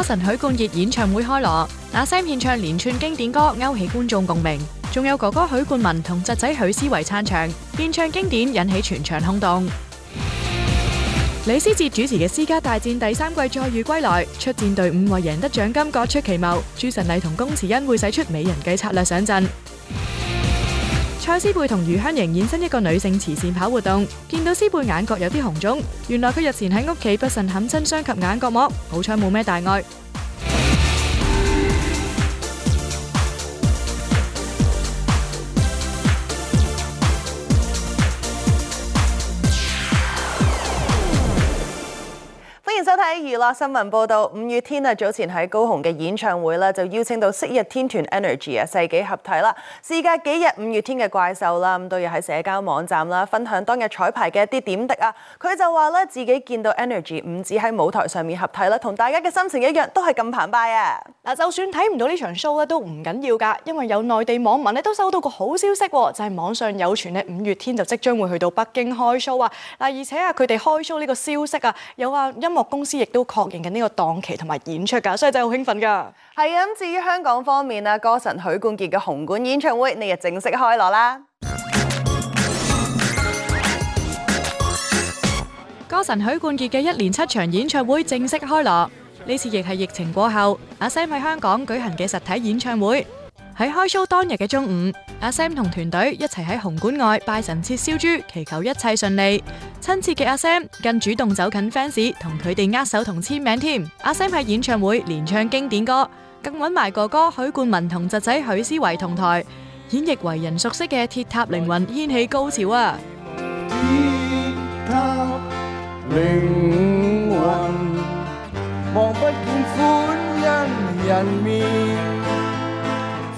歌神許冠傑演唱會開鑼，阿 Sam 獻唱連串經典歌勾起觀眾共鳴，仲有哥哥許冠文同侄仔許思維撐場，演唱經典引起全場轟動。李思捷主持嘅《私家大戰》第三季載譽歸來，出戰隊伍為贏得獎金各出奇謀，朱晨麗同龔慈恩會使出美人計策略上陣。蔡思貝同余香瑩現身一個女性慈善跑活動，見到思貝眼角有啲紅腫，原來佢日前喺屋企不慎冚親傷及眼角膜，好彩冇咩大礙。新聞報道，五月天啊，早前喺高雄嘅演唱會啦，就邀請到昔日天團 Energy 啊，世紀合體啦。事隔幾日，五月天嘅怪獸啦，咁都要喺社交網站啦，分享當日彩排嘅一啲點滴啊。佢就話咧，自己見到 Energy 唔止喺舞台上面合體啦，同大家嘅心情一樣，都係咁澎湃啊！嗱，就算睇唔到呢場 show 咧，都唔緊要㗎，因為有內地網民咧都收到個好消息喎，就係網上有傳咧，五月天就即將會去到北京開 show 啊！嗱，而且啊，佢哋開 show 呢個消息啊，有啊音樂公司亦，都確認緊呢個檔期同埋演出㗎，所以真係好興奮㗎。係啊，至於香港方面咧，歌神許冠傑嘅紅館演唱會，你就正式開鑼啦。歌神許冠傑嘅一連七場演唱會正式開鑼，呢次亦係疫情過後，阿 Sam 喺香港舉行嘅實體演唱會。喺開 show 當日嘅中午，阿 Sam 同團隊一齊喺紅館外拜神、切燒豬、祈求一切順利。親切嘅阿 Sam 更主動走近 fans，同佢哋握手同簽名添。阿 Sam 喺演唱會連唱經典歌，更揾埋哥哥許冠文同侄仔許思維同台演繹為人熟悉嘅《鐵塔凌雲》掀起高潮啊！鐵塔凌雲莫不見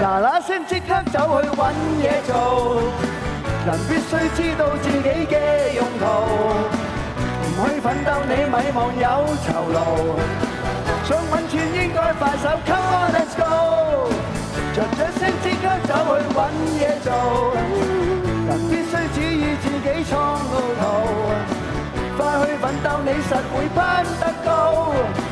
嗱嗱聲即刻走去揾嘢做，人必須知道自己嘅用途不，唔去奮鬥你咪望有酬勞。想搵錢應該快手 Come on, let's go。嗱嗱聲即刻走去揾嘢做，人必須指意自己創路途。快去奮鬥你實會攀得高。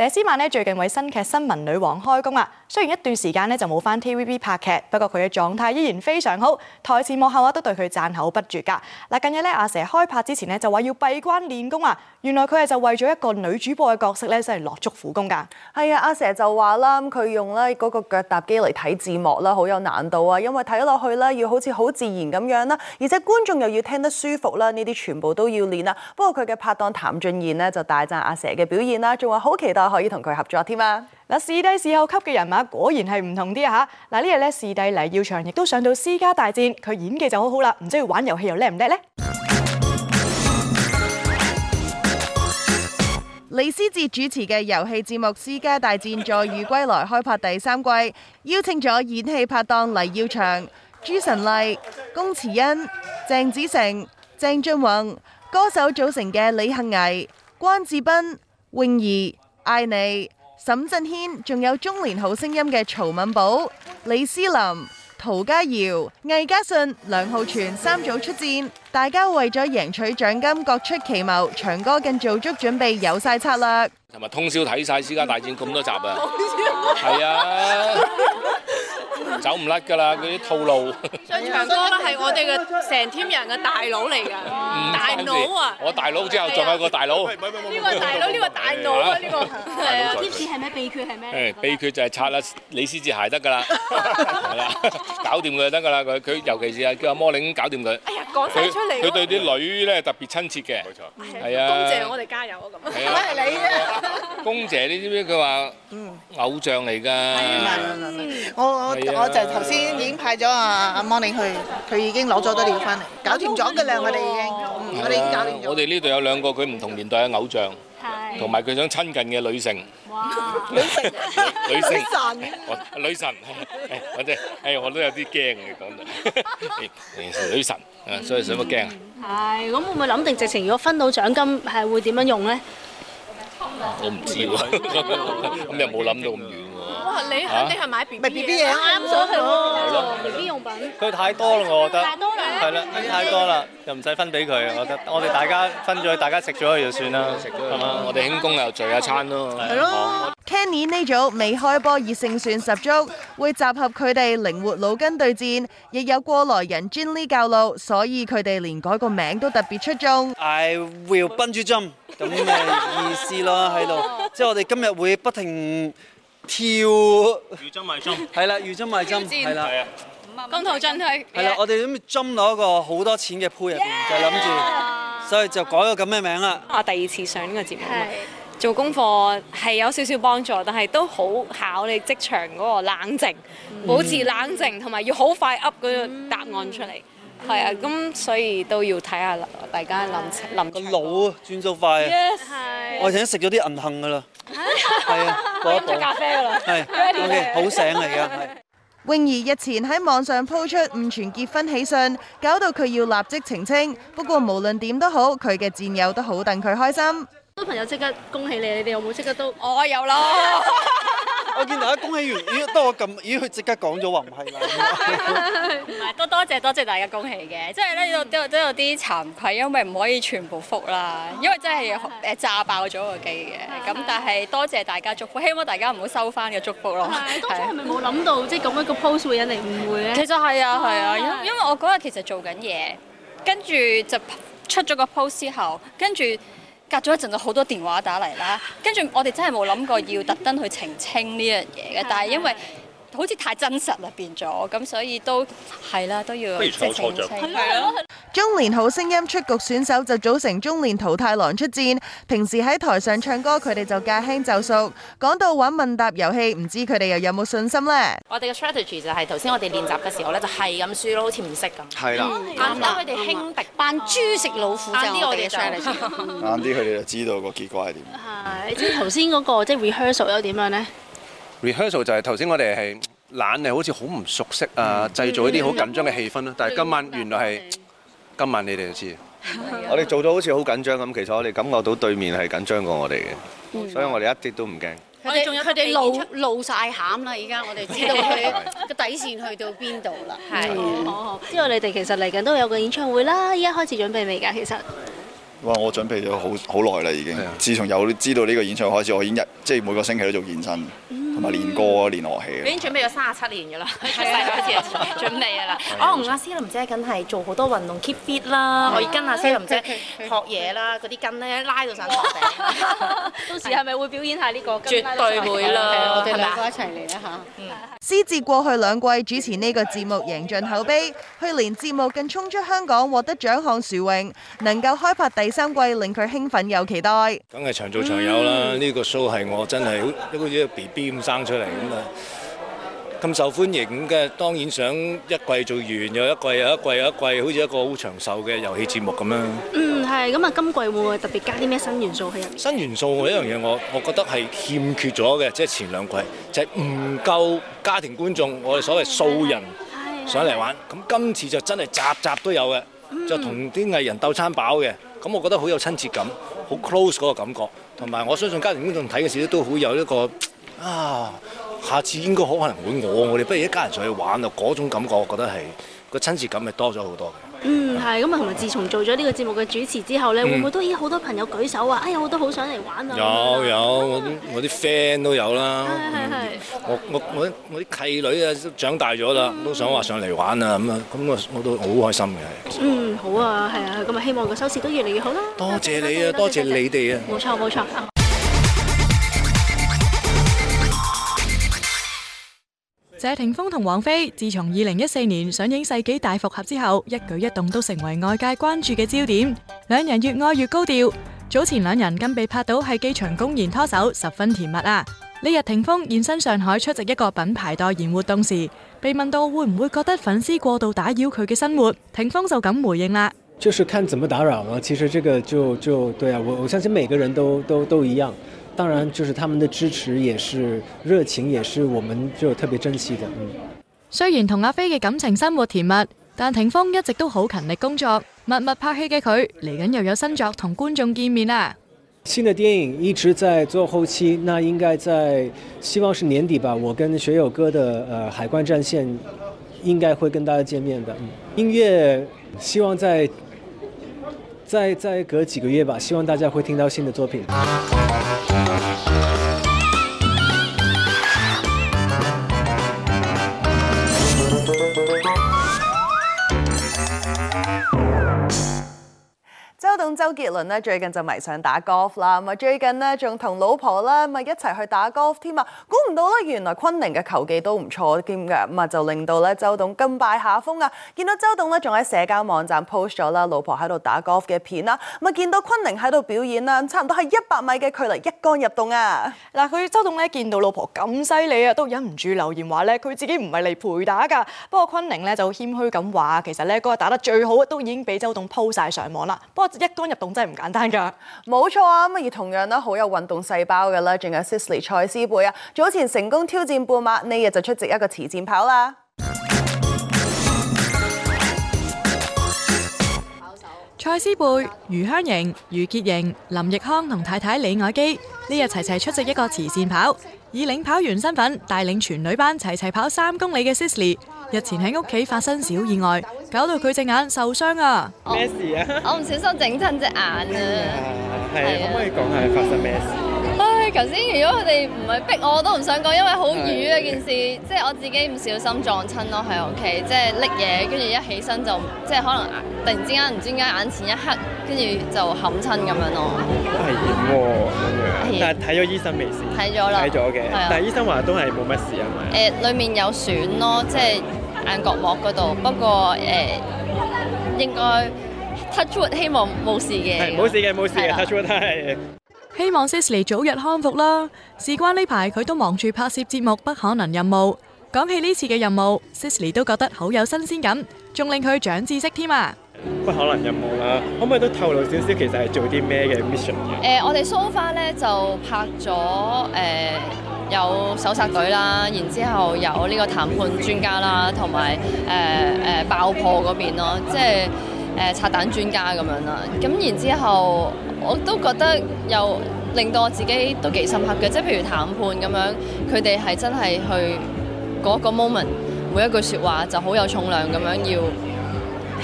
佘詩曼咧最近為新劇《新聞女王》開工啦，雖然一段時間咧就冇翻 TVB 拍劇，不過佢嘅狀態依然非常好，台前幕後啊都對佢讚口不絕噶。嗱，近日咧阿佘開拍之前咧就話要閉關練功啊，原來佢係就為咗一個女主播嘅角色咧真係落足苦功噶。係啊，阿佘就話啦，佢用咧嗰個腳踏機嚟睇字幕啦，好有難度啊，因為睇落去咧要好似好自然咁樣啦，而且觀眾又要聽得舒服啦，呢啲全部都要練啦。不過佢嘅拍檔譚俊彥咧就大讚阿佘嘅表現啦，仲話好期待。可以同佢合作添啊！嗱，視帝視後級嘅人馬果然係唔同啲啊！嗱，日呢日咧，視帝黎耀祥亦都上到私家大戰 《私家大戰》，佢演技就好好啦。唔知玩遊戲又叻唔叻呢？李思捷主持嘅遊戲節目《私家大戰》再遇歸來，開拍第三季，邀請咗演戲拍檔黎耀祥、朱晨麗、龔慈恩、鄭子誠、鄭俊弘歌手組成嘅李杏毅、關智斌、泳兒、艾妮、沈振軒，仲有《中年好聲音》嘅曹敏寶、李思琳、陶家瑤、魏家信、梁浩全，三組出戰，大家為咗贏取獎金，各出奇謀。長哥更做足準備，有晒策略。琴日通宵睇晒《私家大戰》咁多集 是啊！係啊。走唔甩噶啦，嗰啲套路。張長歌咧係我哋嘅成 team 人嘅大佬嚟噶，大佬啊！我大佬之後仲有個大佬，呢個大佬，呢個大佬，呢個係啊！Tips 係咩，秘訣係咩？誒，秘訣就係拆啦，李思捷鞋得噶啦，係啦，搞掂佢就得噶啦，佢佢尤其是啊，叫阿摩寧搞掂佢。哎呀，講晒出嚟。佢佢對啲女咧特別親切嘅。冇錯。係啊。公謝我哋加油啊咁。係咪你啊？公謝你知唔知？佢話偶像嚟㗎。係啊，我我。我就頭先已經派咗，啊阿 Morning 去，佢已經攞咗啲料返嚟，搞掂咗噶啦，我哋已經，我哋已經搞掂咗。我哋呢度有兩個佢唔同年代嘅偶像，係，同埋佢想親近嘅女性，哇，女性，女神，女神，阿姐，誒，我都有啲驚你，講到，女神，啊，所以使乜驚啊？係，咁會唔會諗定直情如果分到獎金係會點樣用呢？我唔知喎，咁又冇諗到咁遠。我係你，肯定係買 B B 嘢。咪 B B 嘢啊！我想去買 B B 用品。佢太多啦，我覺得。太多啦。係啦。分太多啦，又唔使分俾佢啊！我覺得，我哋大家分咗，大家食咗就算啦，係嘛？我哋慶功又聚一餐咯。係咯。Kenny 呢組未開波已勝算十足，會集合佢哋靈活腦筋對戰，亦有過來人 Jenny 教路，所以佢哋連改個名都特別出眾。I will punch them，咁咩意思咯喺度，即係我哋今日會不停。跳，魚針米針，係啦，魚針米針，係啦，中途進去，係啦，我哋咁針落一個好多錢嘅鋪入邊，yeah! 就諗住，所以就改咗咁嘅名啦。我第二次上呢個節目，做功課係有少少幫助，但係都好考你職場嗰個冷靜，mm-hmm. 保持冷靜，同埋要好快噏嗰個答案出嚟。係、mm-hmm. 啊，咁所以都要睇下大家諗，個腦轉數快啊、yes！我頭先食咗啲銀杏㗎啦。係 啊，飲咗咖啡噶啦，係 ，OK， 好醒嚟而家係。泳兒 日前喺網上 po 出誤傳結婚喜訊，搞到佢要立即澄清。不過無論點都好，佢嘅戰友都好戥佢開心。啲朋友即刻恭喜你，你哋有冇即刻都？我、oh, 有咯。 我見大家恭喜完，咦？得我咁咦？佢即刻講咗話唔係啦。唔係，多多謝多謝大家恭喜嘅，即係咧有都有都有啲慚愧，因為唔可以全部覆啦、啊，因為真係誒炸爆咗個機嘅。咁、啊、但係多謝大家祝福，希望大家唔好收翻個祝福咯。當、啊、 初係咪冇諗到，即係咁一個 post 會引嚟誤會咧？其實係啊係啊，啊，啊，啊，因因為我嗰日其實做緊嘢，跟住就出咗個 post 之後，跟住。隔咗一陣，就好多電話打嚟啦。跟 住我哋真係冇諗過要特登去澄清呢樣嘢嘅， 但係因為。好似太真實啦，變咗咁，所以都係啦，都要即係澄清。係中年好聲音出局選手就組成中年淘汰狼出戰。平時喺台上唱歌，佢哋就駕輕就熟。講到玩問答遊戲，唔知佢哋又有冇信心呢？我哋嘅 strategy 就係頭先我哋練習嘅時候咧，就係咁輸咯，好似唔識咁。係啦。啱啱佢哋輕敵扮、啊、豬食老虎就。啱啲我嘅 strategy。啱啲佢哋就知道， 就知道個結果係點。係。你知頭先嗰個即係、就是、rehearsal 又點樣呢？Rehearsal 就係頭先，我哋係懶係好似好唔熟悉啊，製造一啲好緊張嘅氣氛咯。但係今晚原來係今晚你哋就知，我哋做到好似好緊張咁。其實我哋感覺到對面係緊張過我哋嘅，所以我哋一啲都唔驚。我哋仲有佢哋露露曬餡啦！而家我哋知道佢個底線去到邊度啦。係哦哦哦。之後你哋其實嚟緊都有個演唱會啦。依家開始準備未㗎？其實哇，我準備咗好好耐啦，已經。係啊。自從有知道呢個演唱會開始，我已經日即係每個星期都做健身。嗯。咪練歌、啊，練樂器。啊，已經準備咗三十七年噶啦，太細個時準備噶啦。 我同阿思琳姐梗係做好多運動，keep fit 啦。可以跟阿思琳姐學嘢啦，嗰啲筋咧拉到散坨，到時係咪會表演下呢，這個？絕對會啦，這個，係咪我哋兩個一齊嚟啦嚇。獅子、嗯，過去兩季主持呢個節目，贏盡口碑。去年節目更衝出香港，獲得獎項殊榮。能夠開拍第三季，令佢興奮又期待。梗係長做長有啦，呢個 show 係我真係好似 BB 咁。生出嚟咁啊，咁受歡迎咁嘅，當然想一季做完，又一季，又一季，又一季，好似一個好長壽嘅遊戲節目咁樣。嗯，係咁啊，今季會特別加啲咩新元素喺入面？新元素，有一樣嘢，我我覺得係欠缺咗嘅，即係前兩季就係唔夠家庭觀眾，我哋所謂素人上嚟玩。咁今次就真係集集都有嘅，就同啲藝人鬥餐飽嘅。咁我覺得好有親切感，好 close 嗰個感覺，同埋我相信家庭觀眾睇嘅時都好有一個。啊！下次應該好可能會我我哋，不如一家人上去玩咯，嗰種感覺我覺得係個親切感係多咗好多嘅。嗯，係咁啊，同埋自從做咗呢個節目嘅主持之後咧、嗯，會唔會都咦好多朋友舉手話，哎呀我都好想嚟玩啊！有的有，的我我啲 friend 都有啦。係係係。我我我啲我啲契女啊都長大咗啦，都想話上嚟玩啊咁啊，咁、嗯、啊我都好開心嘅嗯，好啊，係啊，咁啊希望個收視都越嚟越好啦。多謝你啊，多謝，多謝你哋啊。冇錯冇錯。沒錯。謝霆鋒同王菲自從二零一四年上映《世紀大復合》之後，一舉一動都成為外界關注嘅焦點。兩人越愛越高調。早前兩人更被拍到喺機場公然拖手，十分甜蜜啊！呢日霆鋒現身上海出席一個品牌代言活動時，被問到會唔會覺得粉絲過度打擾佢嘅生活，霆鋒就咁回應啦：就是看怎麼打擾啦。其實這個就就對啊，我我相信每個人都都都一樣。當然，就是他們的支持也是熱情，也是我們就特別珍惜的。嗯。雖然同阿飛嘅感情生活甜蜜，但霆鋒一直都好勤力工作，默默拍戲嘅佢，嚟緊又有新作同觀眾見面啦。新的電影一直在做後期，那應該在，希望是年底吧。我跟學友哥的呃《海關戰線》應該會跟大家見面的。嗯。音樂希望在再再隔幾個月吧，希望大家會聽到新的作品。 周杰倫咧最近就迷上打 golf 啦，咁啊最近咧仲同老婆咧咪一齊去打 golf 添啊！估唔到咧，原來昆凌嘅球技都唔錯添㗎，咁就令到咧周董甘拜下風啊！見到周董咧仲喺社交網站 post 咗啦老婆喺度打 golf 嘅片啦，咁啊見到昆凌喺度表演啦，差唔多係一百米嘅距離一桿入洞啊！嗱，佢周董咧見到老婆咁犀利啊，都忍唔住留言話咧佢自己唔係嚟陪打噶。不過昆凌咧就好謙虛咁話，其實咧嗰日打得最好都已經畀周董 po 曬上網啦。不過一入洞真係唔簡單噶，冇錯啊！咁而同樣咧好有運動細胞嘅咧，仲有 Sisley 蔡思貝啊，早前成功挑戰半馬，呢日就出席一個慈善跑啦。蔡思貝、余香瑩、余潔瑩、林奕康同太太李愛基，呢日齊齊出席一個慈善跑，以領跑員身份帶領全女班齊齊跑三公里嘅 Sisley。日前喺屋企發生小意外，搞到佢隻眼受傷啊！咩事啊？ 我唔小心整親隻眼 係啊！係可唔可以講下發生咩事？唉 、哎，頭先如果佢哋唔係逼我，我都唔想講，因為好瘀啊件事，即係、就是、我自己唔小心撞親咯喺屋企，即係拎嘢跟住一起身就即係、就是、可能突然之間唔知點解眼前一黑，跟住就冚親咁樣咯。好危險喎！但係睇咗醫生未事？睇咗啦，睇咗嘅，但係醫生話都係冇乜事啊嘛，誒，裡面有損咯，即、就、係、是。眼角膜嗰度，不過誒，應該，touchwood，希望冇事嘅，冇事嘅，冇事嘅，touchwood 係希望 Sisley 早日康復啦。事關呢排佢都忙住拍攝節目，不可能任務。講起呢次嘅任務，Sisley 都覺得好有新鮮感，仲令佢長知識添啊！不可能任務啦！可唔可以都透露少少，其實係做啲咩嘅 mission？誒，我哋蘇花咧就拍咗誒、呃、有搜查隊啦，然之後有呢個談判專家啦，同埋誒誒爆破嗰邊咯，即係誒拆彈專家咁樣啦。咁然之後我都覺得又令到我自己都幾深刻嘅，即係譬如談判咁樣，佢哋係真係去嗰個 moment，每一句說話就好有重量咁樣要。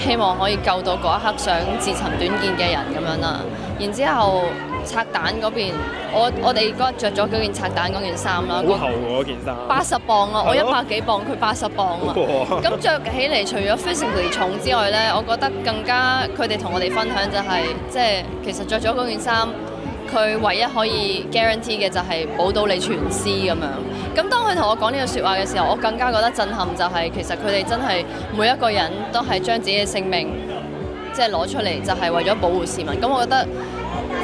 希望可以救到嗰一刻想自尋短見嘅人咁樣啦。然之後拆彈嗰邊，我我哋嗰日着咗嗰件拆彈嗰件衫啦。好厚嗰件衫。八十磅啊！我一百幾磅，佢八十磅啊。咁 着起嚟，除咗 physically 重之外呢，我覺得更加佢哋同我哋分享就係、是，即係其實着咗嗰件衫，佢唯一可以 guarantee 嘅就係保到你全屍咁樣。咁當佢同我講呢個說話嘅時候，我更加覺得震撼，就係其實佢哋真係每一個人都係將自己嘅性命即係攞出嚟，就係為咗保護市民。咁我覺得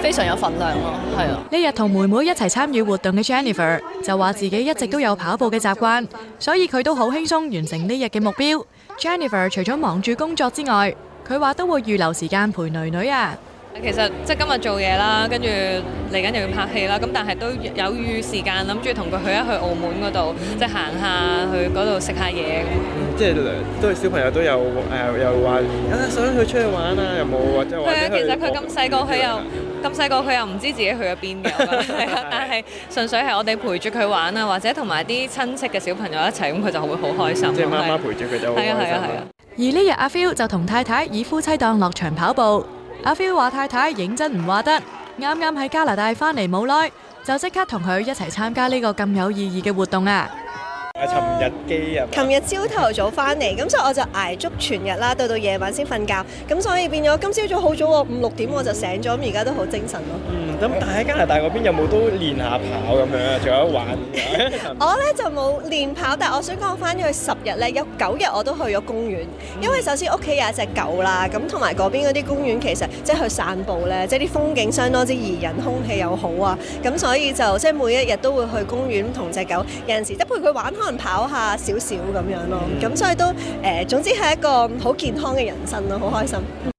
非常有份量咯，係啊。呢日同妹妹一齊參與活動嘅 Jennifer 就話自己一直都有跑步嘅習慣，所以佢都好輕鬆完成呢日嘅目標。Jennifer 除咗忙住工作之外，佢話都會預留時間陪女女啊。其實即係今日做嘢啦，跟住嚟緊又要拍戲啦，咁但係都有餘時間諗住同佢去一去澳門嗰度，即係行下去嗰度食下嘢。嗯，即係都係小朋友都有誒、呃，又話想去出去玩啊，又冇或者、嗯、或係啊，其實佢咁細個，佢又咁細個，佢又唔知自己去咗邊嘅，但係純粹係我哋陪住佢玩啊，或者同埋啲親戚嘅小朋友一齊，咁佢就會好開心。嗯、即係媽媽陪住佢就好開心。係啊係啊係啊。而呢日阿 Phil 就同太太以夫妻檔落場跑步。阿 Phil 話太太認真唔話得，啱啱喺加拿大返嚟冇耐，就即刻同佢一齊參加呢個咁有意義嘅活動啊！琴日朝頭早翻嚟，咁所以我就挨足全日啦，到到夜晚先瞓覺。咁所以變咗今朝早好早，五六點我就醒咗，咁而家都好精神咯。嗯，咁但係喺加拿大嗰邊有冇都練下跑咁樣啊？仲有玩？ 我呢就冇練跑，但係我想講我翻咗去十日呢，有九日我都去咗公園，因為首先屋企有一隻狗啦，咁同埋嗰邊嗰啲公園其實即係去散步呢，即係啲風景相當之怡人，空氣又好啊，咁所以就即係每一日都會去公園同隻狗，有陣時都陪佢玩。可能跑下少少咁樣咯，咁所以都誒、呃、總之係一個好健康嘅人生咯，好開心。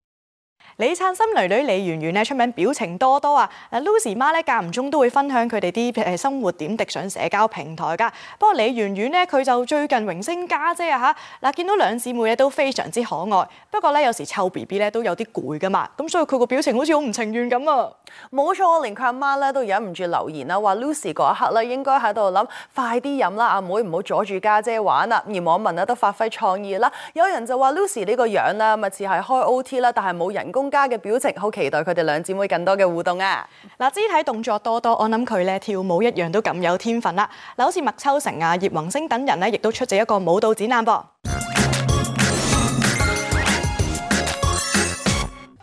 李燦森囡囡李圓圓咧出名表情多多啊！嗱，Lucy 媽咧間唔中都會分享佢哋啲誒生活點滴上社交平台噶。不過李圓圓咧佢就最近榮升家姐啊吓，嗱見到兩姊妹咧都非常之可愛。不過咧有時湊 B B 咧都有啲攰噶嘛，咁所以佢個表情好似好唔情願咁啊！冇錯，我連佢阿媽咧都忍唔住留言啊。話 Lucy 嗰一刻咧應該喺度諗，快啲飲啦，阿妹唔好阻住家姐玩啦。而網民咧都發揮創意啦，有人就話 Lucy 呢個樣啦，咪似係開 O T 啦，但係冇人工。家嘅表情好期待佢哋兩姊妹更多嘅互動啊！嗱，肢體動作多多，我諗佢咧跳舞一樣都咁有天分啦！嗱，好似麥秋成啊、葉云升等人咧，亦都出席一個舞蹈展覽噃。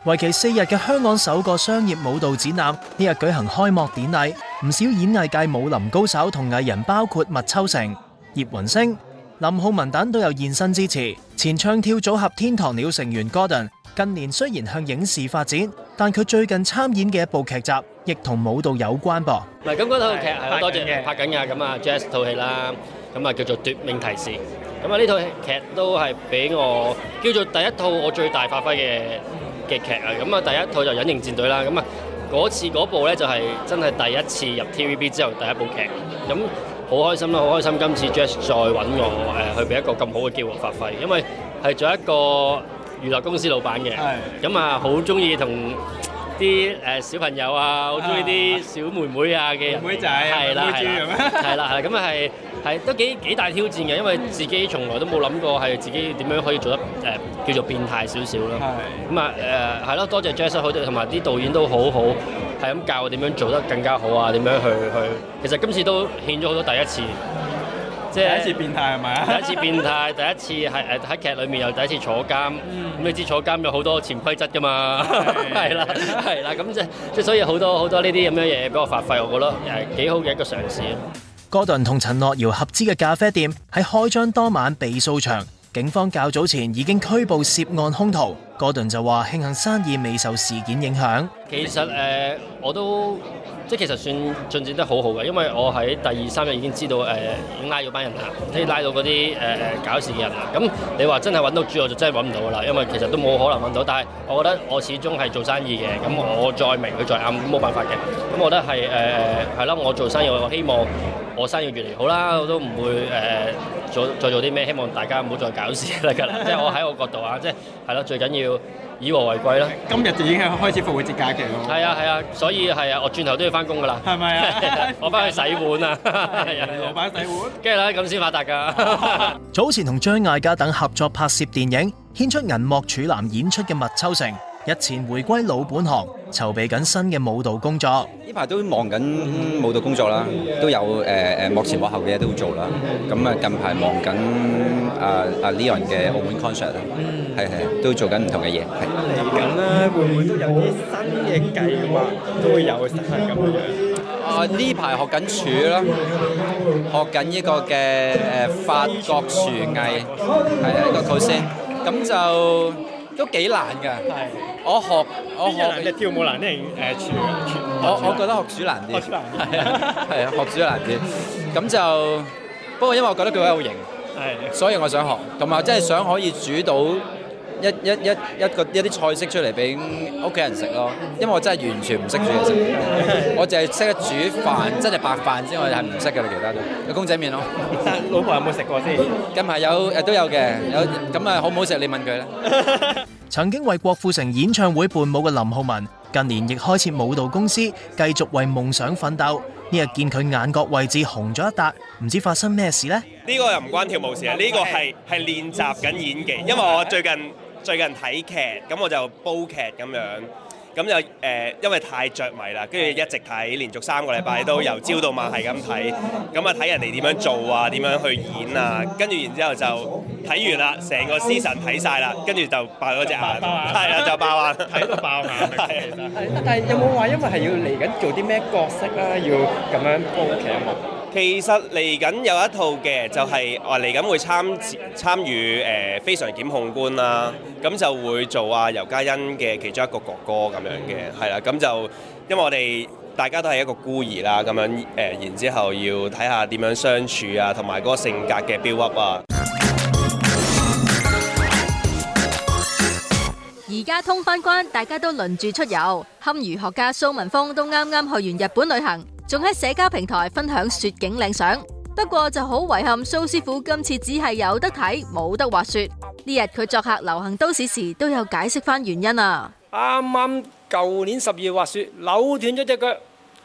為期四日嘅香港首個商業舞蹈展覽，呢日舉行開幕典禮，唔少演藝界舞林高手同藝人，包括麥秋成、葉云升、林浩文等，都有現身支持。前唱跳組合天堂鳥成員 Gordon。近年雖然向影視發展，但佢最近參演嘅一部劇集亦同舞蹈有關噃。嗱，咁嗰套劇係啦，多謝嘅拍緊嘅咁啊，Jazz 套戲啦，咁啊叫做《奪命提示》。咁啊呢套劇都係俾我叫做第一套我最大發揮嘅嘅劇啊。咁啊第一套就《隱形戰隊》啦。咁啊嗰次嗰部咧就係真係第一次入 TVB 之後第一部劇。咁好開心啦，好開心！今次 Jazz 再揾我誒去俾一個咁好嘅機會發揮，因為係做一個娛樂公司老闆嘅，咁啊好中意同啲誒小朋友啊，好中意啲小妹妹啊嘅妹妹仔，係啦，係啦，係啦，咁啊係係都幾幾大挑戰嘅，因為自己從來都冇諗過係自己點樣可以做得誒叫做變態少少囉。咁啊誒係咯，多謝 Jasper，同埋啲導演都好好，係咁教我點樣做得更加好啊，點樣去去，其實今次都獻咗好多第一次。即係第一次變態係咪啊？第一次變態， 第一次係誒喺劇裏面又第一次坐監。咁 你知坐監有好多潛規則㗎嘛？係啦，係 啦。咁即係即係所以好多好多呢啲咁樣嘢俾我發揮，我覺得誒幾好嘅一個嘗試。哥頓同陳樂瑤合資嘅咖啡店喺開張當晚被掃場。警方較早前已經拘捕涉案兇徒，戈頓就話：慶幸生意未受事件影響。其實誒、呃，我都即係其實算進展得好好嘅，因為我喺第二三日已經知道誒，已經拉咗班人啦，可以拉到嗰啲誒誒搞事嘅人啦。咁你話真係揾到豬，我就真係揾唔到噶啦，因為其實都冇可能揾到。但係我覺得我始終係做生意嘅，咁我再明佢再暗，冇辦法嘅。咁我覺得係誒係咯，我做生意，我希望，我生意越嚟越好啦，我都唔會誒做再做啲咩，希望大家唔好再搞事啦㗎啦！即係我喺我角度啊，即係係咯，最緊要以和為貴啦。今日就已經開始復活節假期咯。係啊係啊，所以係啊，我轉頭都要翻工㗎啦。係咪啊？我翻去洗碗啊！係啊，老闆洗碗。跟住啦，咁先發達㗎。早前同張艾嘉等合作拍攝電影，獻出銀幕處男演出嘅麥秋成，日前回歸老本行。籌備緊新嘅舞蹈工作，呢排都忙緊舞蹈工作啦，都有誒誒幕前幕後嘅嘢都要做啦。咁啊近排忙緊啊啊 Leon 嘅澳門 concert，係係都做緊唔同嘅嘢。嚟緊咧會唔會都有啲新嘅計劃？都會有啊，真係咁樣。啊呢排學緊廚咯，學緊呢個嘅誒法國廚藝，係一個最先。咁就。都幾難㗎！我學我學，跳舞難啲誒，我我覺得學廚難啲，係係啊，學廚難啲。咁 就不過因為我覺得佢好有型，所以我想學，同埋即係想可以煮到。一一一一個一啲菜式出嚟畀屋企人食囉，因為我真係完全唔識煮嘢食。我淨係識得煮飯，真係白飯，之外係唔識嘅啦其他都，有公仔麵咯，老婆有冇食過先，近排有，誒都有嘅，有咁啊，好唔好食？你問佢啦。曾經為郭富城演唱會伴舞嘅林浩文，近年亦開設舞蹈公司，繼續為夢想奮鬥，呢日見佢眼角位置紅咗一笪，唔知發生咩事呢？最近睇劇，咁我就煲劇咁樣，咁就誒、呃，因為太着迷啦，跟住一直睇，連續三個禮拜都由朝到晚係咁睇，咁啊睇人哋點樣做啊，點樣去演啊，跟住然之後就睇完啦，成個 season 睇晒啦，跟住就爆咗隻眼，係啊，就爆眼，睇 到爆眼，係 但係有冇話因為係要嚟緊做啲咩角色啦、啊，要咁樣煲劇啊？其實嚟緊有一套嘅，就係話嚟緊會參參與誒非常檢控官啦，咁就會做啊尤嘉欣嘅其中一個哥哥咁樣嘅，係啦，咁就因為我哋大家都係一個孤兒啦，咁樣誒然之後要睇下點樣相處啊，同埋嗰個性格嘅 build up 啊。而家通返關，大家都輪住出遊，堪輿學家蘇文峯都啱啱去完日本旅行。仲喺社交平台分享雪景靚相，不過就好遺憾，蘇師傅今次只係有得睇，冇得滑雪。呢日佢作客流行都市時,時都有解釋翻原因啊。啱啱舊年十二月滑雪扭斷咗隻腳，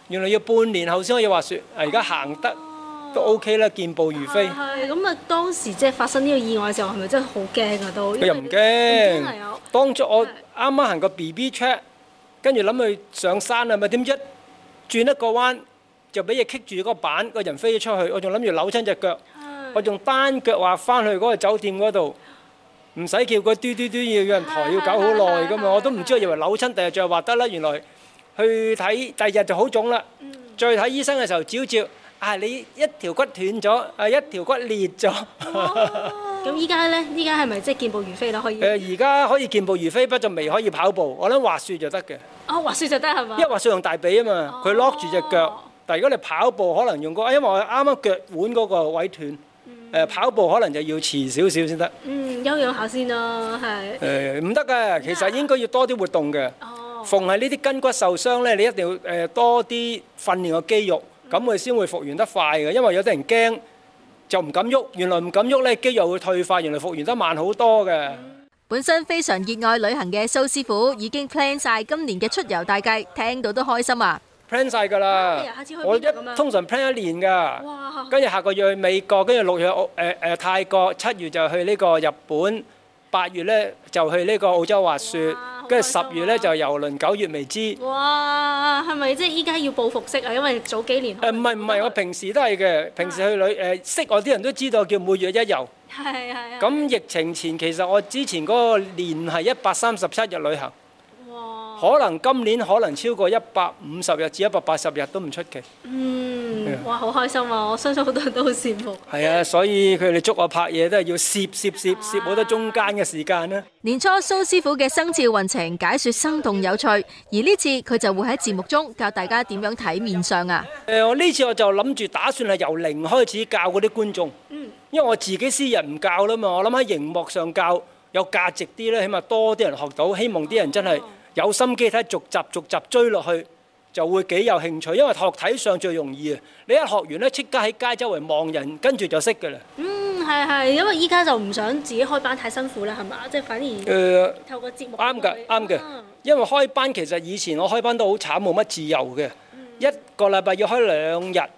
原來要半年後先可以滑雪。啊，而家行得都 OK 啦，健步如飛。係咁啊！當時即係發生呢個意外嘅時候，係咪真係好驚啊？都佢又唔驚。當初我啱啱行個 BB check，跟住諗去上山啊，咪點一轉一個彎。就俾嘢棘住個板，個人飛咗出去。我仲諗住扭親隻腳，的我仲單腳滑翻去嗰個酒店嗰度，唔使叫佢嘟嘟嘟要有人抬，要搞好耐噶嘛。我都唔知，我以為扭親，第二日再滑得啦。原來去睇第二日就好腫啦、嗯。再睇醫生嘅時候照照，啊，你一條骨斷咗，啊，一條骨裂咗。咁依家咧，依家係咪即係健步如飛啦？可以誒，而家可以健步如飛，不過未可以跑步。我諗滑雪就得嘅。哦，滑雪就得係嘛？因為滑雪用大髀啊嘛，佢 lock 住隻腳。哦。但如果你跑步可能用過，因為我啱啱腳腕嗰個位斷，誒跑步可能就要遲少少先得。嗯，休養下先咯，係。誒唔得嘅，其實應該要多啲活動嘅。哦。逢係呢啲筋骨受傷咧，你一定要誒多啲訓練個肌肉，咁佢先會復原得快嘅。因為有啲人驚就唔敢喐，原來唔敢喐咧，肌肉會退化，原來復原得慢好多嘅。本身非常熱愛旅行嘅蘇師傅已經 plan 晒今年嘅出遊大計，聽到都開心啊！plan 曬㗎啦！我一通常 plan 一年㗎。跟住下個月去美國，跟住六月澳誒誒泰國，七月就去呢個日本，八月咧就去呢個澳洲滑雪，跟住十月咧就遊輪，九月未知。哇！係咪即係依家要報復式啊？因為早幾年誒唔係唔係，我平時都係嘅。平時去旅誒識我啲人都知道叫每月一遊。係係係。咁疫情前其實我之前嗰個年係一百三十七日旅行。可能今年可能超過一百五十日至一百八十日都唔出奇。嗯，哇！好開心啊！我相信好多人都好羨慕。係啊，所以佢哋捉我拍嘢都係要攝攝攝攝好多中間嘅時間啦。年初蘇師傅嘅生肖運程解說生動有趣，而呢次佢就會喺節目中教大家點樣睇面相啊。誒，我呢次我就諗住打算係由零開始教嗰啲觀眾，因為我自己私人唔教啦嘛。我諗喺熒幕上教有價值啲咧，起碼多啲人學到，希望啲人真係。有心機睇逐集，逐集追落去就會幾有興趣，因為學體上最容易啊！你一學完咧，即刻喺街周圍望人，跟住就識嘅啦。嗯，係係，因為依家就唔想自己開班太辛苦啦，係嘛？即係反而透過節目啱、呃、㗎，啱㗎、啊。因為開班其實以前我開班都好慘，冇乜自由嘅、嗯，一個禮拜要開兩日。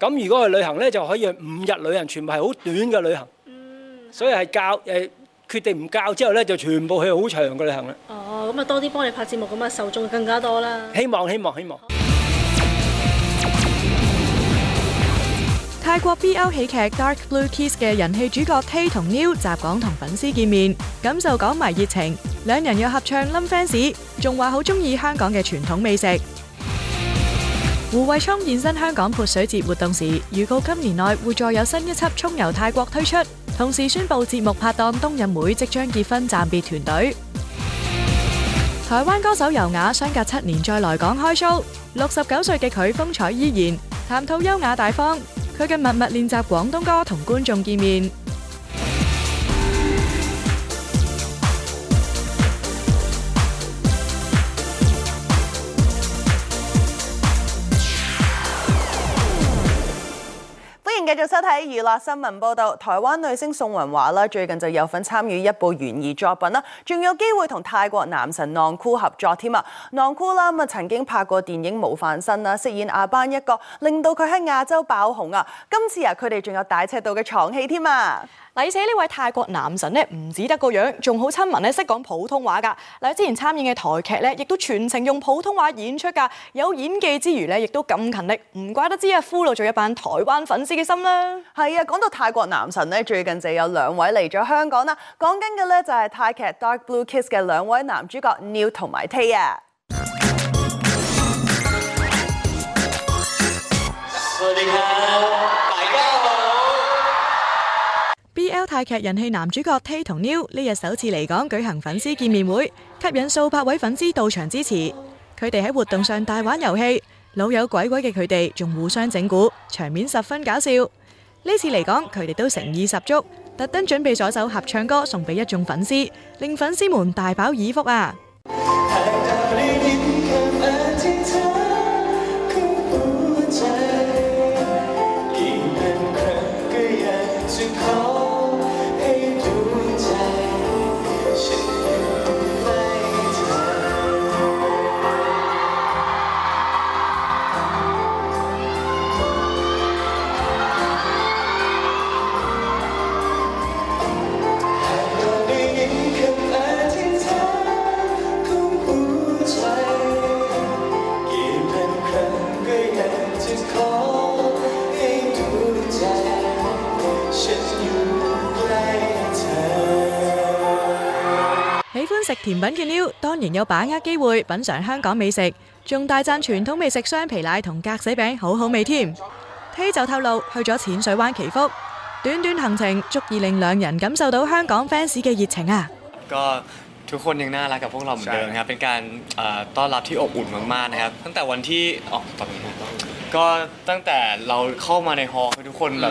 咁如果去旅行咧，就可以去五日旅行，全部係好短嘅旅行。嗯，所以係教誒。決定唔教之後咧，就全部去好長嘅旅行啦。哦，咁啊多啲幫你拍節目咁啊，受眾更加多啦。希望，希望，希望。泰國 BL 喜劇《Dark Blue Kiss》嘅人氣主角 K 同 New 集港同粉絲見面，感受講埋熱情，兩人又合唱冧 fans，仲話好中意香港嘅傳統美食。。胡慧聰現身香港潑水節活動時，預告今年內會再有新一輯《衝遊泰國》推出，同時宣布節目拍檔冬日妹即將結婚暫別團隊。台灣歌手尤雅相隔七年再來港開 收睇娛樂新聞報道，台灣女星宋芸華啦，最近就有份參與一部懸疑作品啦，仲有機會同泰國男神浪酷合作添啊！浪酷啦，咁啊曾經拍過電影《模範生》啊，飾演阿班一角，令到佢喺亞洲爆紅啊！今次啊，佢哋仲有大尺度嘅床戲添啊！嗱，而且呢位泰國男神咧，唔止得個樣，仲好親民咧，識講普通話噶。嗱，之前參演嘅台劇咧，亦都全程用普通話演出噶。有演技之餘咧，亦都咁勤力，唔怪得知啊俘虜咗一班台灣粉絲嘅心啦。係啊，講到泰國男神咧，最近就有兩位嚟咗香港啦。講緊嘅咧就係泰劇《Dark Blue Kiss》嘅兩位男主角 New 同埋 T 啊。大家好。B L 泰劇人氣男主角 T 同 New 呢日首次嚟港舉行粉絲見面會，吸引數百位粉絲到場支持。佢哋喺活動上大玩遊戲，老友鬼鬼嘅佢哋仲互相整蠱，場面十分搞笑。呢次嚟講，佢哋都誠意十足，特登準備咗首合唱歌送俾一眾粉絲，令粉絲們大飽耳福啊！ 品見了，當然有把握機會品嚐香港美食，仲大讚傳統美食雙皮奶同格仔餅好好味添，披就透露去咗淺水灣祈福，短短行程足以令兩人感受到香港 fans 嘅熱情啊！各位，大家好，歡迎收看《香港新聞》。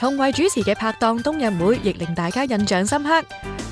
同為主持嘅拍檔冬日妹亦令大家印象深刻，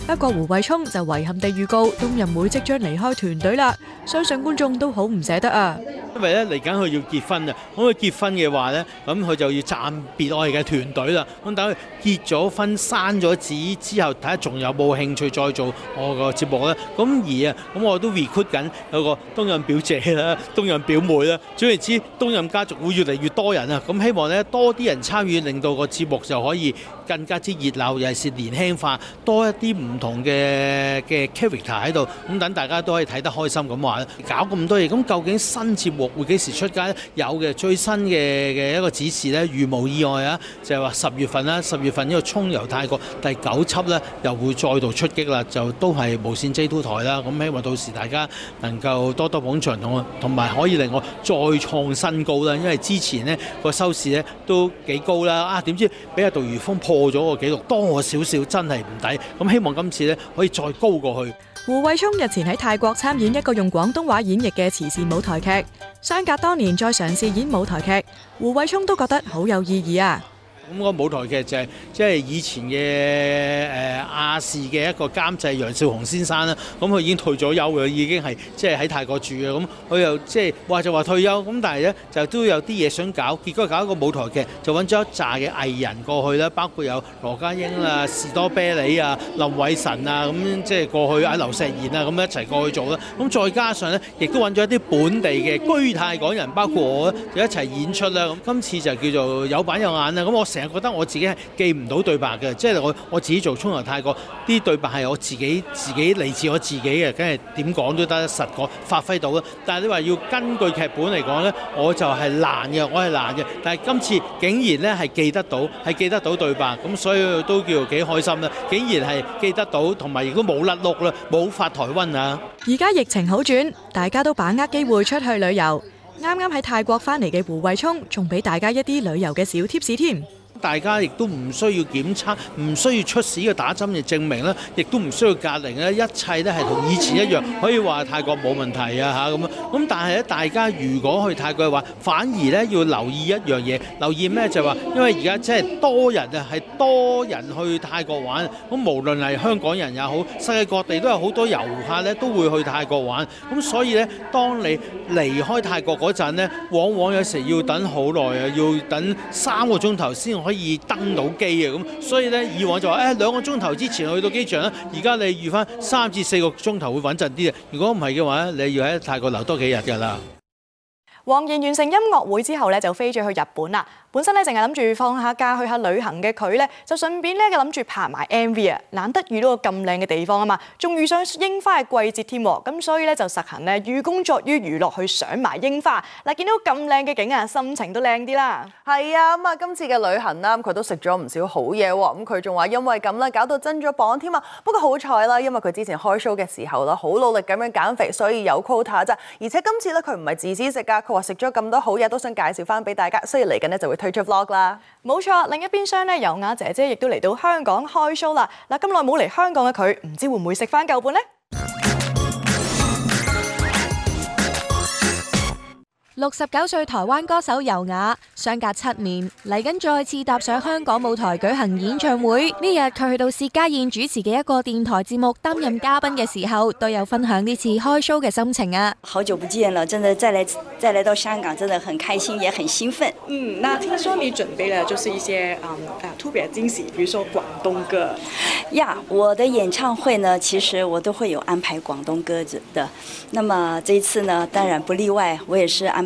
不過胡慧聰就遺憾地預告冬日妹即將離開團隊啦，相信觀眾都好唔捨得啊！因為咧嚟緊佢要結婚啊，咁佢結婚嘅話咧，咁佢就要暫別我哋嘅團隊啦。咁等佢結咗婚、生咗子之後，睇下仲有冇興趣再做我個節目啦。咁而啊，咁我都 recruit 緊有個冬日表姐啦、冬日表妹啦。總言之，冬日家族會越嚟越多人啊！咁希望咧多啲人參與，令到個節目。就可以更加之熱鬧，又係是年輕化，多一啲唔同嘅嘅 character 喺度，咁等大家都可以睇得開心咁話。搞咁多嘢，咁究竟新節目會幾時出街？有嘅最新嘅嘅一個指示呢，如無意外啊，就係話十月份啦，十月份呢個沖遊泰國第九輯呢又會再度出擊啦，就都係無線 J2 台啦。咁希望到時大家能夠多多捧場同，同埋可以令我再創新高啦，因為之前呢個收視呢都幾高啦。啊，點知？俾阿杜如風破咗個紀錄，多我少少，真係唔抵，咁希望今次咧可以再高過去。胡慧冲日前喺泰國參演一個用廣東話演繹嘅慈善舞台劇，相隔多年再嘗試演舞台劇，胡慧冲都覺得好有意義啊！咁、那個舞台劇就係即係以前嘅誒亞視嘅一個監製楊少雄先生啦。咁佢已經退咗休嘅，已經係即係喺泰國住嘅。咁佢又即係、就是、話就話退休，咁但係咧就都有啲嘢想搞，結果搞一個舞台劇，就搵咗一紮嘅藝人過去啦，包括有羅家英啊、士多啤梨啊、林偉晨啊，咁即係過去啊、劉石賢啊，咁一齊過去做啦。咁再加上咧，亦都搵咗一啲本地嘅居泰港人，包括我，就一齊演出啦。咁今次就叫做有板有眼啦。咁我成。成日覺得我自己係記唔到對白嘅，即係我我自己做沖遊泰國啲對白係我自己自己嚟自我自己嘅，梗係點講都得，實講發揮到啦。但係你話要根據劇本嚟講咧，我就係難嘅，我係難嘅。但係今次竟然咧係記得到，係記得到對白，咁所以都叫幾開心啦！竟然係記得到，同埋如果冇甩碌啦，冇發台瘟啊！而家疫情好轉，大家都把握機會出去旅遊。啱啱喺泰國翻嚟嘅胡慧沖，仲俾大家一啲旅遊嘅小貼士添。大家亦都唔需要檢測，唔需要出示嘅打針嘅證明咧，亦都唔需要隔離咧，一切咧係同以前一樣，可以話泰國冇問題啊吓，咁啊。咁但係咧，大家如果去泰國嘅話，反而咧要留意一樣嘢，留意咩？就係話因為而家真係多人啊，係多人去泰國玩，咁無論係香港人也好，世界各地都有好多遊客咧都會去泰國玩，咁所以咧，當你離開泰國嗰陣咧，往往有時要等好耐啊，要等三個鐘頭先。可以登到機啊！咁所以咧，以往就話誒、哎、兩個鐘頭之前去到機場啦。而家你預翻三至四個鐘頭會穩陣啲啊。如果唔係嘅話，你要喺泰國留多幾日㗎啦。王賢完成音樂會之後咧，就飛咗去日本啦。本身咧淨係諗住放下假去下旅行嘅佢咧，就順便咧就諗住拍埋 MV 啊！難得遇到個咁靚嘅地方啊嘛，仲遇上櫻花嘅季節添，咁所以咧就實行咧寓工作於娛樂去賞埋櫻花。嗱，見到咁靚嘅景啊，心情都靚啲啦。係啊，咁啊，今次嘅旅行啦，佢都食咗唔少好嘢喎。咁佢仲話因為咁啦搞到增咗磅添啊。不過好彩啦，因為佢之前開 show 嘅時候啦，好努力咁樣減肥，所以有 quota 啫。而且今次咧佢唔係自私食㗎，佢話食咗咁多好嘢都想介紹翻俾大家。所以嚟緊咧就會推 Vlog 啦，冇錯。另一邊廂有雅姐姐亦都嚟到香港開 show 啦。嗱，咁耐冇嚟香港嘅佢，唔知道會唔會食返夠本呢？六十九歲台灣歌手尤雅，相隔七年嚟緊再次踏上香港舞台舉行演唱會。呢日佢去到薛家燕主持嘅一個電台節目擔任嘉賓嘅時候，都有分享呢次開 show 嘅心情啊！好久不見了，真的再來，再來到香港，真的很開心，也很興奮。嗯，那聽說你準備了就是一些嗯啊特別驚喜，比如說廣東歌呀。Yeah, 我的演唱會呢，其實我都會有安排廣東歌子的。那麼這一次呢，當然不例外，我也是安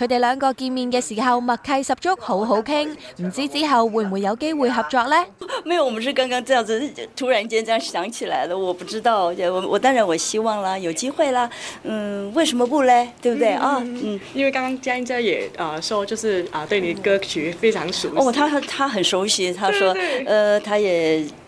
佢哋兩個見面嘅時候默契十足，好好傾。唔知之後會唔會有機會合作呢？沒有，我們是剛剛這樣子突然間這樣想起來了，我不知道。我我當然我希望啦，有機會啦。嗯，為什麼不呢？對唔對？嗯、啊？嗯。因為剛剛江嘉也啊，說就是啊，對你歌曲非常熟哦，他他很熟悉，他說，呃，他也。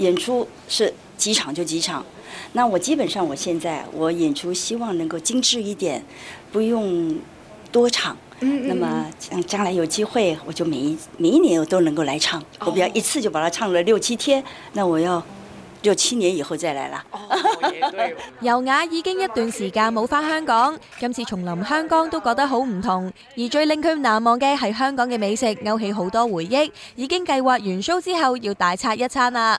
演出是幾場就幾場，那我基本上，我現在我演出，希望能夠精緻一點，不用多場，那麼將來來有機會，我就每一每一年我都能夠來唱。我不要一次就把它唱了六七天，那我要六七年以後再來啦。哦， 尤雅已經一段時間冇返香港，今次重臨香港都覺得好唔同，而最令佢難忘嘅係香港嘅美食，勾起好多回憶。已經計劃完 show 之後要大拆一餐啦。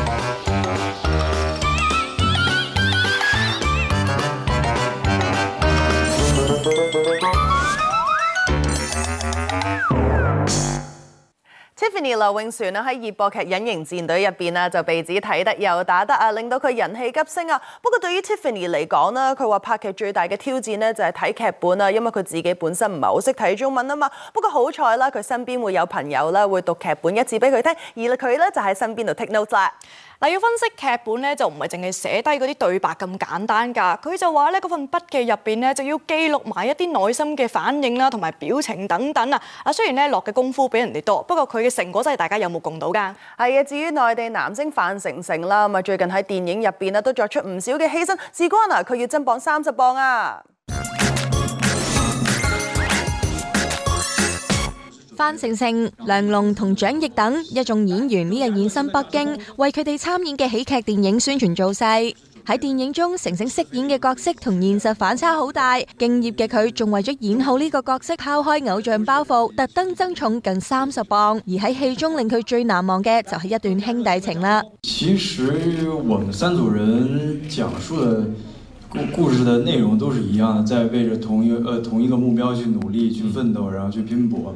Tiffany 劉穎璇啊喺熱播劇《隱形戰隊》入邊啊就被指睇得又打得啊，令到佢人氣急升啊！不過對於 Tiffany 嚟講咧，佢話拍劇最大嘅挑戰咧就係睇劇本啊，因為佢自己本身唔係好識睇中文啊嘛。不過好彩啦，佢身邊會有朋友啦，會讀劇本一次俾佢聽，而佢咧就喺身邊度 take notes 啦。嗱，要分析劇本咧，就唔係淨係寫低嗰啲對白咁簡單㗎。佢就話咧，嗰份筆記入邊咧，就要記錄埋一啲內心嘅反應啦，同埋表情等等啊。啊，雖然咧落嘅功夫比人哋多，不過佢嘅成果真係大家有目共睹㗎。係嘅，至於內地男星范丞丞啦，咪最近喺電影入邊咧都作出唔少嘅犧牲，事關啊佢要增磅三十磅啊。范丞丞、梁龍同蔣奕等一眾演員呢日現身北京，為佢哋參演嘅喜劇電影宣傳造勢。喺電影中，丞丞飾演嘅角色同現實反差好大。敬業嘅佢仲為咗演好呢個角色，拋開偶像包袱，特登增重近三十磅。而喺戲中，令佢最難忘嘅就係一段兄弟情啦。其實我們三組人講述的故故事的內容都是一樣的，在為着同一個，呃，同一個目標去努力、去奮鬥，然後去拼搏。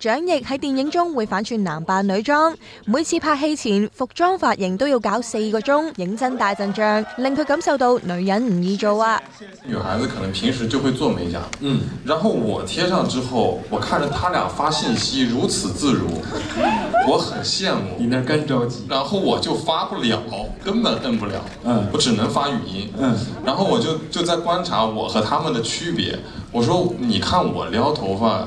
蔣奕喺電影中會反串男扮女裝，每次拍戲前服裝髮型都要搞四個鐘，認真大陣仗，令佢感受到女人唔易做啊！女孩子可能平時就會做美甲，嗯，然後我貼上之後，我看着他倆發信息如此自如，我很羨慕。你那乾着急，然後我就發不了，根本摁不了，嗯，我只能發語音，嗯，然後我就就在觀察我和他們的區別，我說你看我撩頭髮。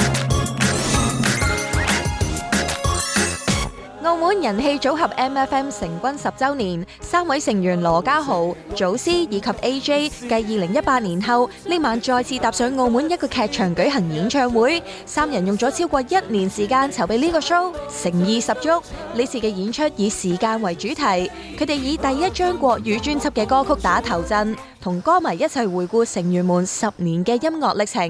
本人氣組合 MFM 成軍十周年，三位成員羅家豪、祖師以及 AJ 繼二零一八年後，呢晚再次踏上澳門一個劇場舉行演唱會。三人用咗超過一年時間籌備呢個 show，誠意十足。呢次嘅演出以時間為主題，佢哋以第一張國語專輯嘅歌曲打頭陣，同歌迷一齊回顧成員們十年嘅音樂歷程。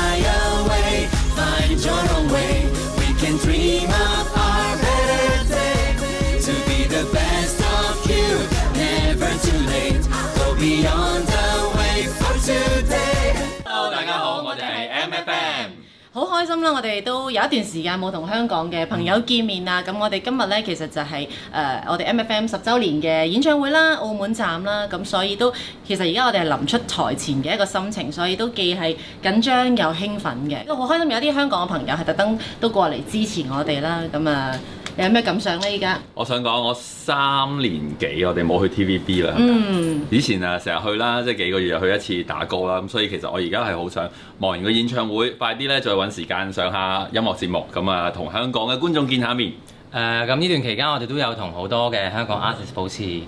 開心啦！我哋都有一段時間冇同香港嘅朋友見面啦，咁我哋今日呢，其實就係、是、誒、呃、我哋 MFM 十週年嘅演唱會啦，澳門站啦，咁所以都其實而家我哋係臨出台前嘅一個心情，所以都既係緊張又興奮嘅。好開心有啲香港嘅朋友係特登都過嚟支持我哋啦，咁啊～有咩感想呢？而家我想講，我三年幾，我哋冇去 TVB 啦。嗯，以前啊，成日去啦，即係幾個月就去一次打歌啦。咁所以其實我而家係好想忙完個演唱會，快啲咧再搵時間上下音樂節目，咁啊同香港嘅觀眾見下面。誒咁呢段期間，我哋都有同好多嘅香港 artist 保持誒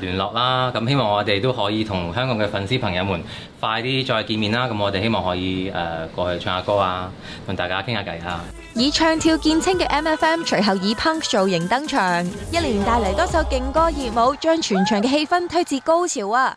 聯、呃、絡啦。咁、呃、希望我哋都可以同香港嘅粉絲朋友們快啲再見面啦。咁我哋希望可以誒、呃、過去唱下歌啊，同大家傾下偈嚇。以唱跳見稱嘅 MFM 隨後以 punk 造型登場，一連帶嚟多首勁歌熱舞，將全場嘅氣氛推至高潮啊！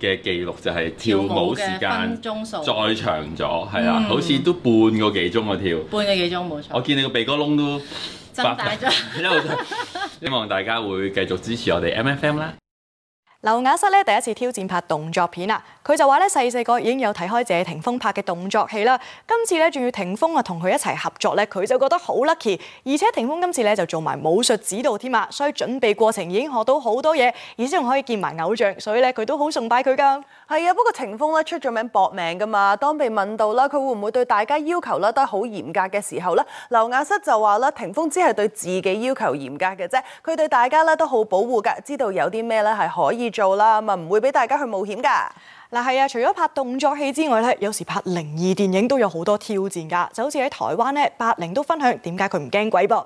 嘅記錄就係跳舞時間再長咗，係啦、啊嗯，好似都半個幾鐘嘅跳。半個幾鐘，冇錯。我見你個鼻哥窿都白咗。 希望大家會繼續支持我哋 MFM 啦。劉雅瑟咧第一次挑戰拍動作片啦，佢就話咧細細個已經有睇開謝霆鋒拍嘅動作戲啦，今次咧仲要霆鋒啊同佢一齊合作咧，佢就覺得好 lucky，而且霆鋒今次咧就做埋武術指導添啊，所以準備過程已經學到好多嘢，而且仲可以見埋偶像，所以咧佢都好崇拜佢㗎。係啊，不過霆鋒咧出咗名搏命噶嘛。當被問到啦，佢會唔會對大家要求咧都係好嚴格嘅時候咧，劉雅瑟就話啦，霆鋒只係對自己要求嚴格嘅啫，佢對大家咧都好保護噶，知道有啲咩咧係可以做啦，咁啊唔會俾大家去冒險噶。嗱係啊，除咗拍動作戲之外咧，有時拍靈異電影都有好多挑戰噶，就好似喺台灣咧，八零都分享點解佢唔驚鬼噃。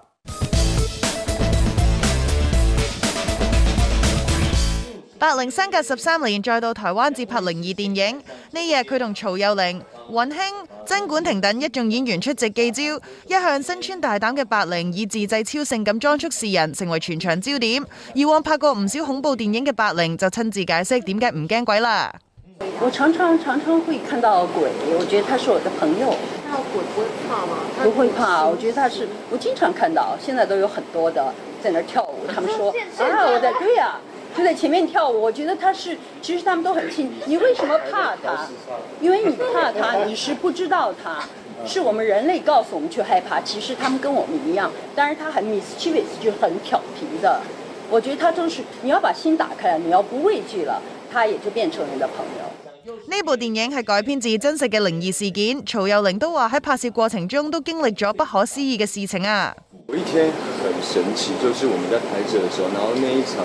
白靈相隔十三年再到台灣接拍靈異電影，呢日佢同曹幼玲、尹馨、曾冠廷等一眾演員出席記招。一向身穿大膽嘅白靈以自製超性感裝束示人，成為全場焦點。以往拍過唔少恐怖電影嘅白靈就親自解釋點解唔驚鬼啦我常常，常常會看到鬼，我覺得他是我的朋友。那鬼不會怕嗎？不怕會怕，我覺得他是，我經常看到，現在都有很多的在那跳舞，他們說現在現在啊，我的對啊。就在前面跳舞，我覺得他是，其實他們都很親。你為什麼怕他？因為你怕他，你是不知道他，是我們人類告訴我們去害怕。其實他們跟我們一樣，但是他很 mischievous，就很調皮的。我覺得他就是，你要把心打開了，你要不畏懼了，他也就變成你的朋友。呢部電影係改編自真實嘅靈異事件，曹佑玲都話喺拍攝過程中都經歷咗不可思議嘅事情啊。有啊一天很神奇，就是我們在拍攝的時候，然後那一場。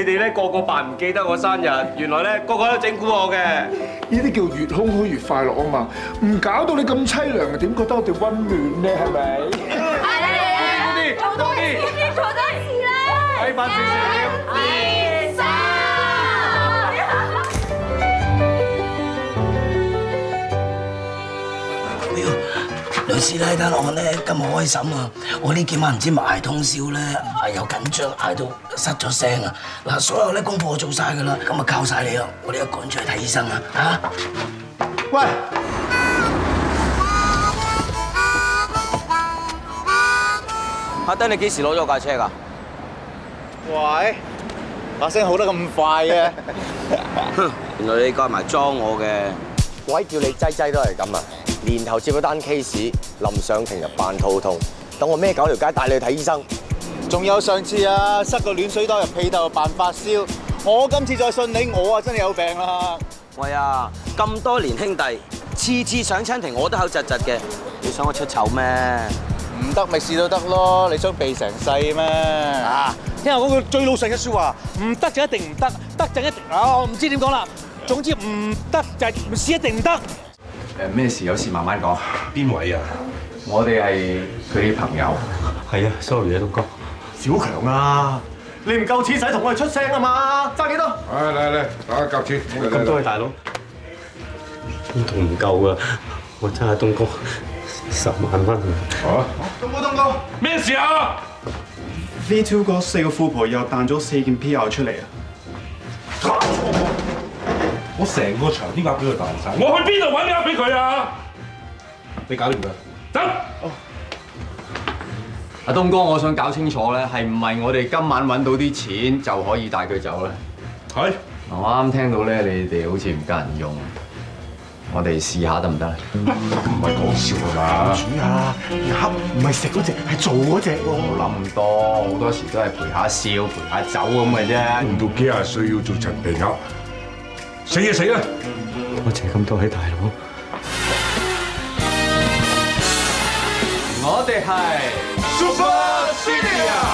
你哋咧個個扮唔記得我生日，原來咧個個都整蠱我嘅。呢啲叫越空虛越快樂啊嘛！唔搞到你咁淒涼，點覺得我哋溫暖咧？係咪？多啲，多啲，多啲，你，你，你，你，你，你，你坐得起啦！係，發自內師奶，單案咧咁開心啊！我呢幾晚唔知埋通宵咧，又緊張，嗌到失咗聲啊！嗱，所有咧功課做曬噶啦，咁啊靠曬你咯！我哋一趕出去睇醫生啊！嚇，喂，阿丁，你幾時攞咗架車噶？喂，把聲好得咁快啊！哼，原來你掛埋裝我嘅，鬼叫你擠擠都係咁啊！年頭接咗單 case，臨上庭就扮肚痛，等我孭九條街帶你去睇醫生。仲有上次啊，塞個暖水袋入被竇，扮發燒。我今次再信你，我啊真係有病啦。喂啊，咁多年兄弟，次次上親庭我都口窒窒嘅。你想我出醜咩？唔得咪試都得咯，你想避成世咩？啊，聽我句最老實嘅說話，唔得就一定唔得，得就一定。」啊，我唔知點講啦，總之唔得就係試一定唔得。誒，咩事？有事慢慢講。邊位啊？我哋係佢啲朋友。係啊，sorry 啊，東哥。小強啊，你唔夠錢使，同我哋出聲啊嘛？差幾多？嚟嚟嚟，打個夾錢。咁多位大佬。呢度唔夠啊！我差東哥，十萬蚊啊！啊，東哥東哥，咩事啊？呢 Two 嗰四個富婆又彈咗四件 P R 出嚟啊！我成個場啲鴨俾佢大曬，我去邊度揾啲鴨俾佢啊？你搞掂佢，走、哦。阿東哥，我想搞清楚咧，係唔係我哋今晚揾到啲錢就可以帶佢走咧？係。我啱啱聽到咧，你哋好似唔夠人用，我哋試下得唔得？唔係講笑㗎嘛！煮啊，鴨唔係食嗰隻，係做嗰隻咯。諗多，好多時都係陪下笑、陪下酒咁嘅啫。用到幾廿歲要做陳皮鴨？死啦死嘅，多謝咁多位大佬。我哋係 Super Senior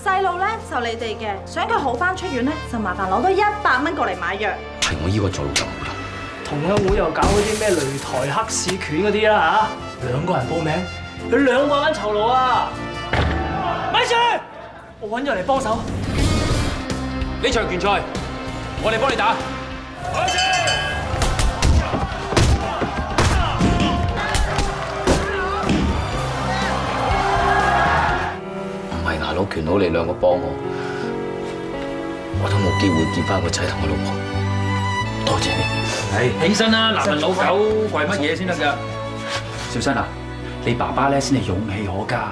細路咧就你哋嘅，想佢好翻出院咧，就麻煩攞多一百蚊過嚟買藥。係我依個做老啦同鄉會又搞嗰啲咩擂台黑市拳嗰啲啦吓？兩個人報名，佢兩百蚊酬勞啊！咪住，我搵咗嚟幫手。呢場拳賽，我哋幫你打。唔係牙佬拳佬，你兩個幫我，我，我都冇機會見翻個仔同我老婆。多謝，謝你。係，起身啦！男人老狗跪乜嘢先得㗎？小新啊，你爸爸咧先係勇氣可嘉。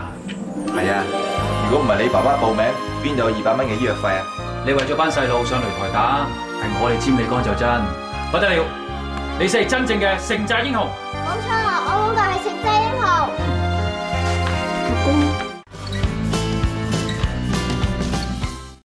係啊。如果唔係你爸爸報名，邊度有二百蚊嘅醫藥費啊？你為咗班細路上擂台打，係我哋簽你幹就真，不得了！你係真正嘅城寨英雄，冇錯，我老豆係城寨英雄。